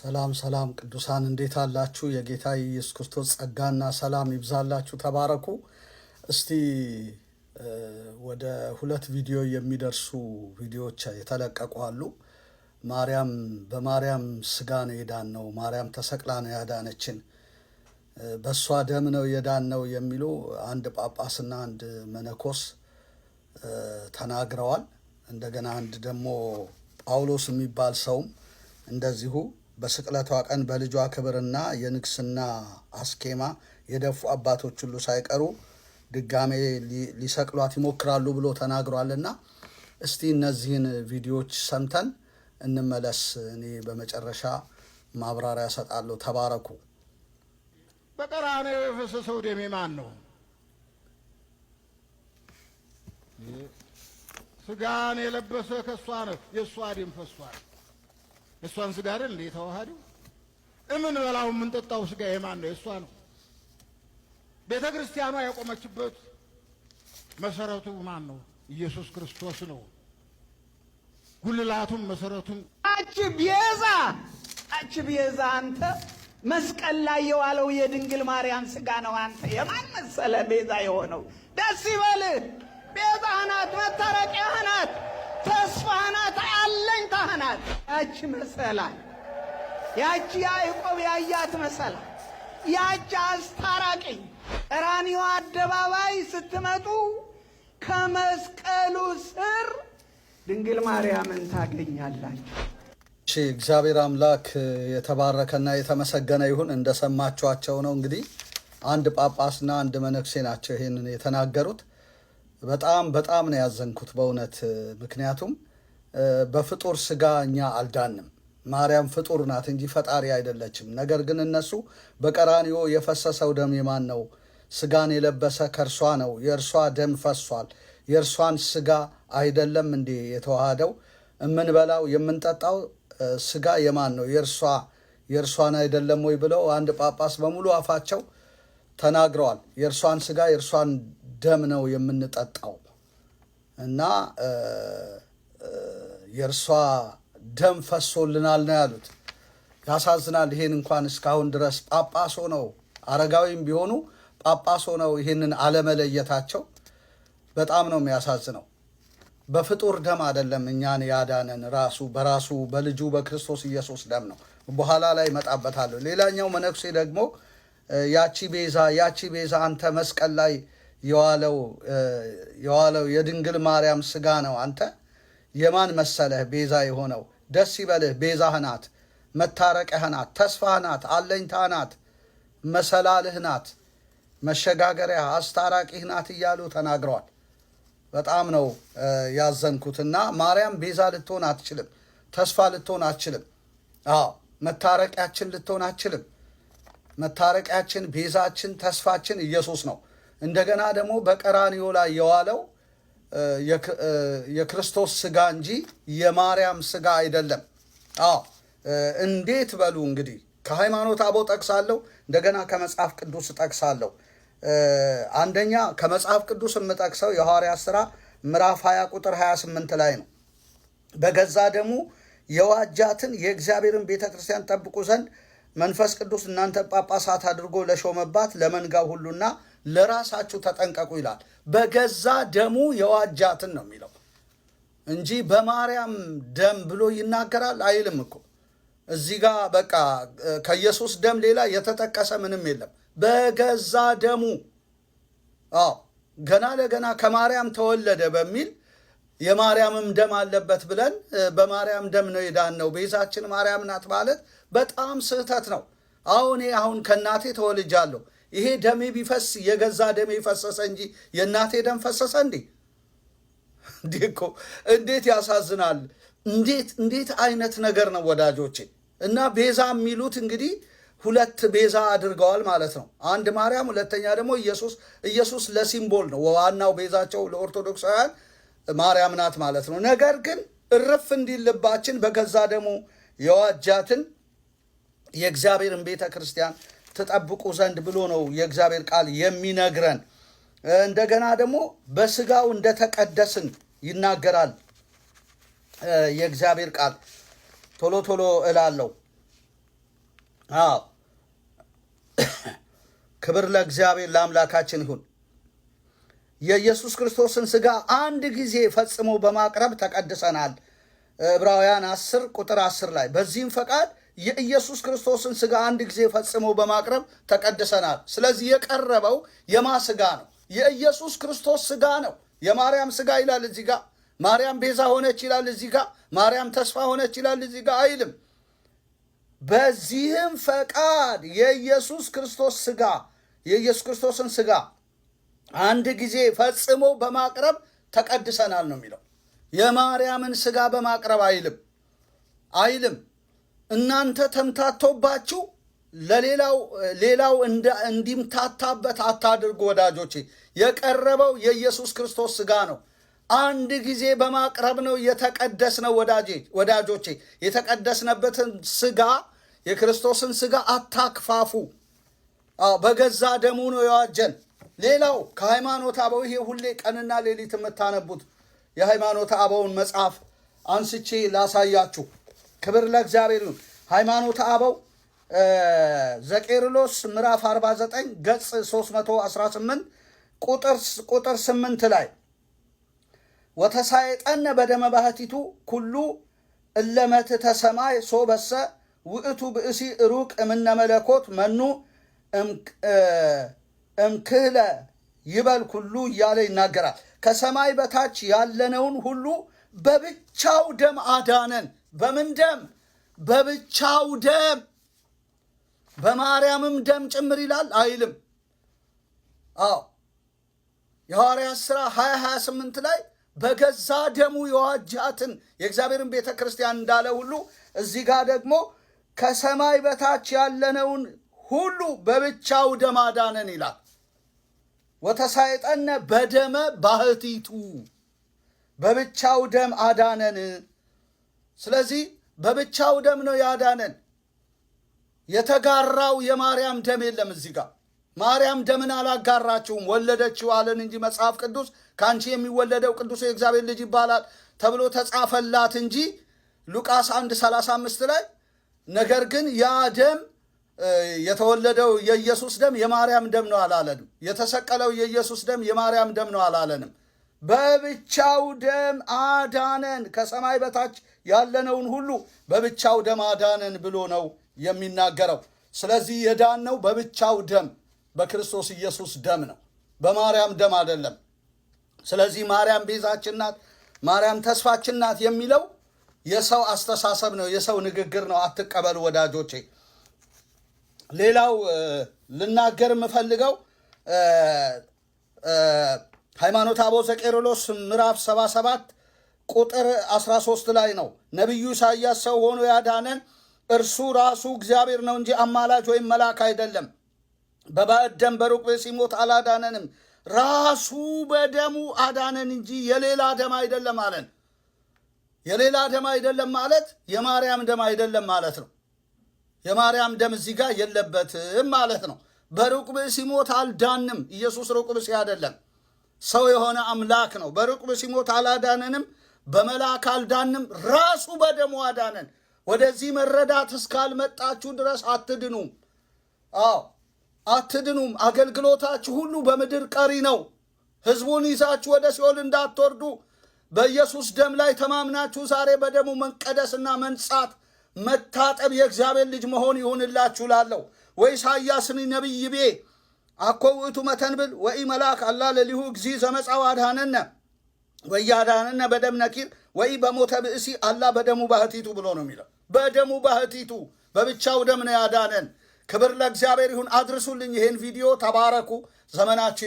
ሰላም ሰላም ቅዱሳን እንዴት አላችሁ? የጌታ የኢየሱስ ክርስቶስ ጸጋና ሰላም ይብዛላችሁ። ተባረኩ። እስቲ ወደ ሁለት ቪዲዮ የሚደርሱ ቪዲዮዎች የተለቀቁ አሉ። ማርያም በማርያም ስጋ ነው የዳን ነው፣ ማርያም ተሰቅላ ነው ያዳነችን፣ በእሷ ደም ነው የዳን ነው የሚሉ አንድ ጳጳስና አንድ መነኮስ ተናግረዋል። እንደገና አንድ ደግሞ ጳውሎስ የሚባል ሰውም እንደዚሁ በስቅለቷ ቀን በልጇ ክብርና የንግስና አስኬማ የደፉ አባቶች ሁሉ ሳይቀሩ ድጋሜ ሊሰቅሏት ይሞክራሉ ብሎ ተናግሯልና እስቲ እነዚህን ቪዲዮዎች ሰምተን እንመለስ። እኔ በመጨረሻ ማብራሪያ ሰጣለሁ። ተባረኩ። በቀራንዮ የፈሰሰው ደሜ ማን ነው? ስጋን የለበሰ ከእሷ ነው። የእሷ ደም ፈሷል። እሷን ስጋ አይደል እንዴ የተዋሃደው? እምን በላው የምንጠጣው ስጋ የማን ነው? የእሷ ነው። ቤተ ክርስቲያኗ የቆመችበት መሰረቱ ማን ነው? ኢየሱስ ክርስቶስ ነው። ጉልላቱም መሰረቱም አቺ ቤዛ አቺ ቤዛ አንተ መስቀል ላይ የዋለው የድንግል ማርያም ስጋ ነው። አንተ የማን መሰለ ቤዛ የሆነው? ደስ ይበልህ። ቤዛ ናት፣ መታረቂያ ናት፣ ተስፋ ናት። ናት ያቺ መሰላል፣ ያቺ ያዕቆብ ያያት መሰላል፣ ያቺ አስታራቂ ቀራንዮ አደባባይ ስትመጡ ከመስቀሉ ስር ድንግል ማርያምን ታገኛላችሁ። እሺ እግዚአብሔር አምላክ የተባረከና የተመሰገነ ይሁን። እንደሰማችኋቸው ነው እንግዲህ አንድ ጳጳስና አንድ መነኩሴ ናቸው ይህንን የተናገሩት። በጣም በጣም ነው ያዘንኩት በእውነት ምክንያቱም በፍጡር ስጋ እኛ አልዳንም። ማርያም ፍጡር ናት እንጂ ፈጣሪ አይደለችም። ነገር ግን እነሱ በቀራንዮ የፈሰሰው ደም የማን ነው? ስጋን የለበሰ ከእርሷ ነው። የእርሷ ደም ፈሷል። የእርሷን ስጋ አይደለም እንዴ የተዋሃደው? የምንበላው የምንጠጣው ስጋ የማን ነው? የእርሷ የእርሷን አይደለም ወይ ብለው አንድ ጳጳስ በሙሉ አፋቸው ተናግረዋል። የእርሷን ስጋ የእርሷን ደም ነው የምንጠጣው እና የእርሷ ደም ፈሶልናል ነው ያሉት። ያሳዝናል። ይሄን እንኳን እስካሁን ድረስ ጳጳስ ሆነው አረጋዊም ቢሆኑ ጳጳስ ሆነው ይህንን አለመለየታቸው በጣም ነው የሚያሳዝነው። በፍጡር ደም አይደለም እኛን ያዳነን፣ ራሱ በራሱ በልጁ በክርስቶስ ኢየሱስ ደም ነው። በኋላ ላይ እመጣበታለሁ። ሌላኛው መነኩሴ ደግሞ ያቺ ቤዛ ያቺ ቤዛ አንተ መስቀል ላይ የዋለው የድንግል ማርያም ስጋ ነው አንተ የማን መሰለህ ቤዛ የሆነው? ደስ ይበልህ፣ ቤዛህ ናት፣ መታረቂያህ ናት፣ ተስፋህ ናት፣ አለኝታ ናት፣ መሰላልህ ናት፣ መሸጋገሪያ አስታራቂህ ናት እያሉ ተናግረዋል። በጣም ነው ያዘንኩትና ማርያም ቤዛ ልትሆን አትችልም፣ ተስፋ ልትሆን አትችልም። አዎ መታረቂያችን ልትሆን አትችልም። መታረቂያችን፣ ቤዛችን፣ ተስፋችን ኢየሱስ ነው። እንደገና ደግሞ በቀራንዮ ላይ የዋለው የክርስቶስ ስጋ እንጂ የማርያም ስጋ አይደለም። አዎ እንዴት በሉ እንግዲህ ከሃይማኖት አበው ጠቅሳለሁ፣ እንደገና ከመጽሐፍ ቅዱስ ጠቅሳለሁ። አንደኛ ከመጽሐፍ ቅዱስ የምጠቅሰው የሐዋርያ ሥራ ምዕራፍ 20 ቁጥር 28 ላይ ነው። በገዛ ደሙ የዋጃትን የእግዚአብሔርን ቤተ ክርስቲያን ጠብቁ ዘንድ መንፈስ ቅዱስ እናንተ ጳጳሳት አድርጎ ለሾመባት ለመንጋው ሁሉና ለራሳችሁ ተጠንቀቁ ይላል። በገዛ ደሙ የዋጃትን ነው የሚለው እንጂ በማርያም ደም ብሎ ይናገራል አይልም እኮ እዚህ ጋ። በቃ ከኢየሱስ ደም ሌላ የተጠቀሰ ምንም የለም። በገዛ ደሙ አዎ፣ ገና ለገና ከማርያም ተወለደ በሚል የማርያምም ደም አለበት ብለን በማርያም ደም ነው ነው ቤዛችን ማርያም ናት ማለት በጣም ስህተት ነው። አሁን አሁን ከእናቴ ተወልጃለሁ ይሄ ደሜ ቢፈስ የገዛ ደሜ ፈሰሰ እንጂ የእናቴ ደም ፈሰሰ እንዴ? እንዴ እኮ እንዴት ያሳዝናል! እንዴት እንዴት አይነት ነገር ነው ወዳጆቼ። እና ቤዛ የሚሉት እንግዲህ ሁለት ቤዛ አድርገዋል ማለት ነው። አንድ ማርያም፣ ሁለተኛ ደግሞ ኢየሱስ። ኢየሱስ ለሲምቦል ነው። ዋናው ቤዛቸው ለኦርቶዶክሳውያን ማርያም ናት ማለት ነው። ነገር ግን እርፍ እንዲልባችን በገዛ ደግሞ የዋጃትን የእግዚአብሔርን ቤተ ክርስቲያን ትጠብቁ ዘንድ ብሎ ነው የእግዚአብሔር ቃል የሚነግረን። እንደገና ደግሞ በስጋው እንደተቀደስን ይናገራል የእግዚአብሔር ቃል። ቶሎ ቶሎ እላለሁ። አዎ ክብር ለእግዚአብሔር ለአምላካችን ይሁን። የኢየሱስ ክርስቶስን ስጋ አንድ ጊዜ ፈጽሞ በማቅረብ ተቀድሰናል። ዕብራውያን 10 ቁጥር 10 ላይ በዚህም ፈቃድ የኢየሱስ ክርስቶስን ስጋ አንድ ጊዜ ፈጽሞ በማቅረብ ተቀድሰናል። ስለዚህ የቀረበው የማ ስጋ ነው? የኢየሱስ ክርስቶስ ስጋ ነው። የማርያም ስጋ ይላል እዚህ ጋር። ማርያም ቤዛ ሆነች ይላል እዚህ ጋር። ማርያም ተስፋ ሆነች ይላል እዚህ ጋር አይልም። በዚህም ፈቃድ የኢየሱስ ክርስቶስ ስጋ የኢየሱስ ክርስቶስን ስጋ አንድ ጊዜ ፈጽሞ በማቅረብ ተቀድሰናል ነው የሚለው። የማርያምን ስጋ በማቅረብ አይልም አይልም። እናንተ ተምታቶባችሁ ለሌላው ሌላው እንዲምታታበት አታድርጉ። ወዳጆቼ የቀረበው የኢየሱስ ክርስቶስ ስጋ ነው። አንድ ጊዜ በማቅረብ ነው የተቀደስነው። ወዳጆቼ የተቀደስነበትን ስጋ የክርስቶስን ስጋ አታክፋፉ። በገዛ ደሙ ነው የዋጀን። ሌላው ከሃይማኖት አበው ይሄ ሁሌ ቀንና ሌሊት የምታነቡት የሃይማኖት አበውን መጽሐፍ አንስቼ ላሳያችሁ። ክብር ለእግዚአብሔር ይሁን። ሃይማኖት አበው ዘቄርሎስ ምዕራፍ 49 ገጽ 318 ቁጥር 8 ላይ ወተሳይጠነ በደመ ባህቲቱ ኩሉ እለመትተ ሰማይ ሶበሰ ውእቱ ብእሲ ሩቅ እምነ መለኮት መኑ እምክህለ ይበል ኩሉ እያለ ይናገራል። ከሰማይ በታች ያለነውን ሁሉ በብቻው ደም አዳነን። በምን ደም? በብቻው ደም፣ በማርያምም ደም ጭምር ይላል አይልም? አዎ የሐዋርያት ሥራ 20 28 ላይ በገዛ ደሙ የዋጃትን የእግዚአብሔርን ቤተ ክርስቲያን እንዳለ ሁሉ እዚህ ጋር ደግሞ ከሰማይ በታች ያለነውን ሁሉ በብቻው ደም አዳነን ይላል። ወተሳይጠነ በደመ ባህቲቱ በብቻው ደም አዳነን ስለዚህ በብቻው ደም ነው ያዳነን። የተጋራው የማርያም ደም የለም። እዚህ ጋር ማርያም ደምን አላጋራችሁም፣ ወለደችው አለን እንጂ መጽሐፍ ቅዱስ ከአንቺ የሚወለደው ቅዱስ የእግዚአብሔር ልጅ ይባላል ተብሎ ተጻፈላት እንጂ ሉቃስ 1 35 ላይ ነገር ግን ያ ደም የተወለደው የኢየሱስ ደም የማርያም ደም ነው አላለንም። የተሰቀለው የኢየሱስ ደም የማርያም ደም ነው አላለንም። በብቻው ደም አዳነን፣ ከሰማይ በታች ያለነውን ሁሉ በብቻው ደም አዳነን ብሎ ነው የሚናገረው። ስለዚህ የዳነው በብቻው ደም በክርስቶስ ኢየሱስ ደም ነው፣ በማርያም ደም አይደለም። ስለዚህ ማርያም ቤዛችን ናት፣ ማርያም ተስፋችን ናት የሚለው የሰው አስተሳሰብ ነው፣ የሰው ንግግር ነው። አትቀበሉ ወዳጆቼ። ሌላው ልናገር የምፈልገው ሃይማኖት አቦ ዘቄርሎስ ምዕራፍ 77 ቁጥር 13 ላይ ነው። ነቢዩ ኢሳያስ ሰው ሆኖ ያዳነን እርሱ ራሱ እግዚአብሔር ነው እንጂ አማላጅ ወይም መልአክ አይደለም። በባዕድ ደም በሩቅ ሲሞት አላዳነንም፣ ራሱ በደሙ አዳነን እንጂ የሌላ ደም አይደለም አለን። የሌላ ደም አይደለም ማለት የማርያም ደም አይደለም ማለት ነው። የማርያም ደም እዚህ ጋር የለበትም ማለት ነው። በሩቅ ሲሞት አልዳንም። ኢየሱስ ሩቅ ቤት አይደለም። ሰው የሆነ አምላክ ነው። በርቁ ሲሞት አላዳነንም፣ በመልአክ አልዳንም፣ ራሱ በደሙ አዳነን። ወደዚህ መረዳት እስካልመጣችሁ ድረስ አትድኑም። አዎ አትድኑም። አገልግሎታችሁ ሁሉ በምድር ቀሪ ነው። ህዝቡን ይዛችሁ ወደ ሲኦል እንዳትወርዱ በኢየሱስ ደም ላይ ተማምናችሁ ዛሬ በደሙ መንቀደስና መንጻት መታጠብ የእግዚአብሔር ልጅ መሆን ይሁንላችሁ። ላለው ወይ ኢሳያስን ነቢይ ቤ አኮ ውእቱ መተንብል ወኢ መልአክ አላ ለሊሁ እግዚእ ዘመፃው አድሃነነ ወያዳነነ በደም ነኪር ወይ በሞተ ብእሲ አላ በደሙ ባህቲቱ ብሎ ነው የሚለው። በደሙ ባህቲቱ በብቻው ደም ነው ያዳነን። ክብር ለእግዚአብሔር ይሁን። አድርሱልኝ ይሄን ቪዲዮ ተባረኩ። ዘመናችን